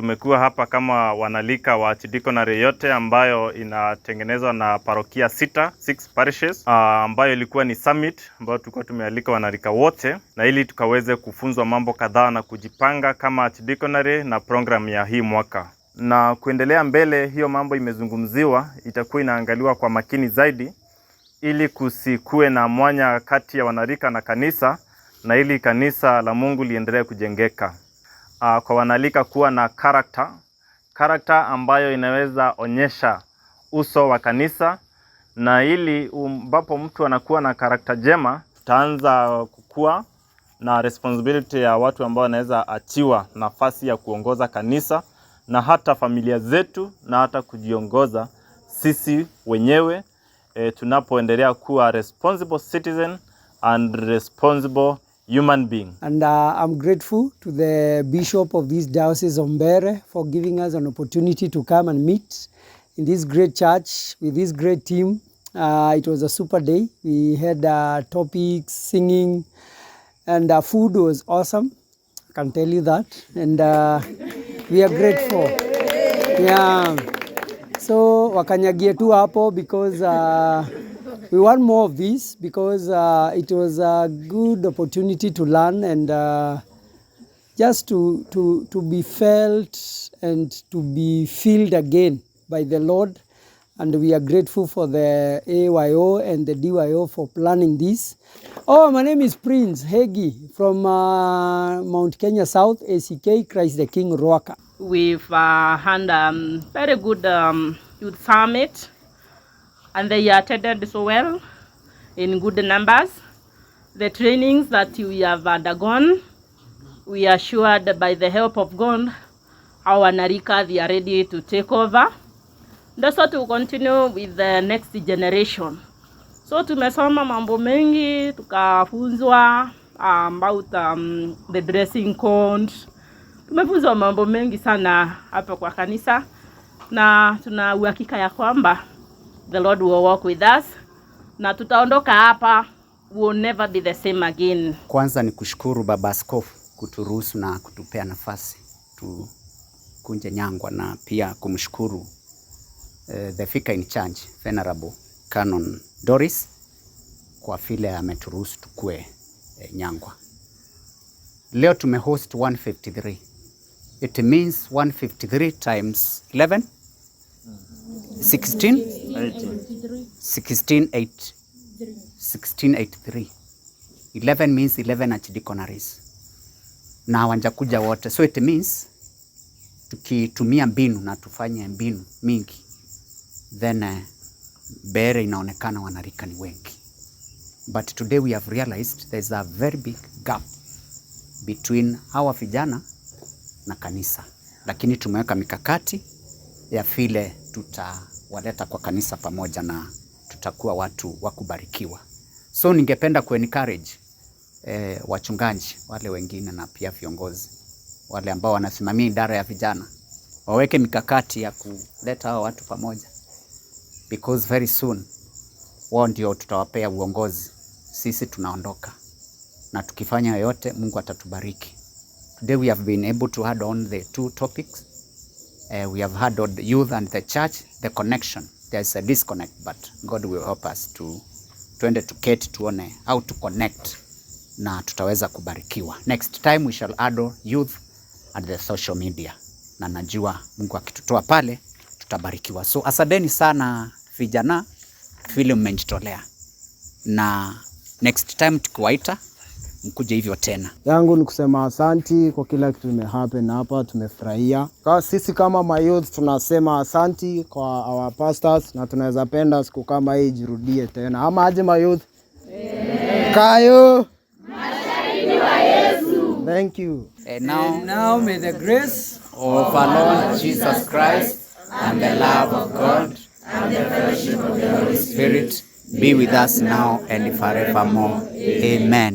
Tumekuwa hapa kama wanalika wa chidikonari yote ambayo inatengenezwa na parokia sita, six parishes ah, ambayo ilikuwa ni summit ambayo tulikuwa tumealika wanalika wote, na ili tukaweze kufunzwa mambo kadhaa na kujipanga kama chidikonari na program ya hii mwaka na kuendelea mbele. Hiyo mambo imezungumziwa, itakuwa inaangaliwa kwa makini zaidi ili kusikue na mwanya kati ya wanarika na kanisa na ili kanisa la Mungu liendelee kujengeka uh, kwa wanalika kuwa na character, character ambayo inaweza onyesha uso wa kanisa, na ili um, ambapo mtu anakuwa na character jema, tutaanza kukua na responsibility ya watu ambao wanaweza achiwa nafasi ya kuongoza kanisa na hata familia zetu na hata kujiongoza sisi wenyewe e, tunapoendelea kuwa responsible citizen and responsible human being. And uh, I'm grateful to the bishop of this diocese, Ombere, for giving us an opportunity to come and meet in this great church with this great team. Uh, it was a super day. We had uh, topics, singing, and uh, food was awesome. I can tell you that. And uh, we are grateful. Yeah. So wakanyagie tu hapo because uh, we want more of this because uh, it was a good opportunity to learn and uh, just to, to, to be felt and to be filled again by the Lord. And we are grateful for the AYO and the DYO for planning this. Oh, my name is Prince Hegi from uh, Mount Kenya South, ACK, Christ the King, Ruaka. We've uh, had a um, very good um, youth summit and they attended so well in good numbers. The trainings that we have undergone, we are sure by the help of God, our Narika, they are ready to take over. And also to continue with the next generation. So tumesoma mambo mengi tukafunzwa um, about um, the dressing code. Tumefunzwa mambo mengi sana hapa kwa kanisa na tuna uhakika ya kwamba the Lord will walk with us na tutaondoka hapa, will never be the same again. Kwanza ni kushukuru Baba Askofu kuturuhusu na kutupea nafasi tukunje nyangwa na pia kumshukuru uh, the Vicar in Charge Venerable Canon Doris kwa vile ameturuhusu tukue eh, nyangwa. Leo tumehost 153. It means 153 times 11 16 16 8 16 11 means 11 archdeaconaries na hawajakuja wote, so it means tukitumia mbinu na tufanye mbinu mingi then uh, Bere inaonekana wanarika ni wengi, but today we have realized there is a very big gap between hawa vijana na kanisa, lakini tumeweka mikakati ya vile tuta waleta kwa kanisa pamoja na tutakuwa watu wa kubarikiwa. So ningependa ku encourage eh, wachungaji wale wengine na pia viongozi wale ambao wanasimamia idara ya vijana waweke mikakati ya kuleta hao watu pamoja, because very soon wao ndio tutawapea uongozi, sisi tunaondoka, na tukifanya yote Mungu atatubariki. Today we have been able to add on the two topics Uh, we have the youth and the church, the connection. There's a disconnect, but God will help us to tuende tuketi tuone uh, how to connect na tutaweza kubarikiwa. Next time we shall add youth and the social media, na najua Mungu akitutoa pale tutabarikiwa. So asadeni sana vijana vile mmejitolea, na next time tukiwaita mkuje hivyo tena. Yangu ni kusema asanti kwa kila kitu ime happen hapa, tumefurahia. Sisi kama mayouth tunasema asanti kwa our pastors, na tunaweza penda siku kama hii jirudie tena, ama aje mayouth? Yeah. Kayo mashahidi wa Yesu. Thank you. And now, And now may the grace of our Lord Jesus Christ and the love of God and the fellowship of the Holy Spirit be with us now and forevermore. Amen.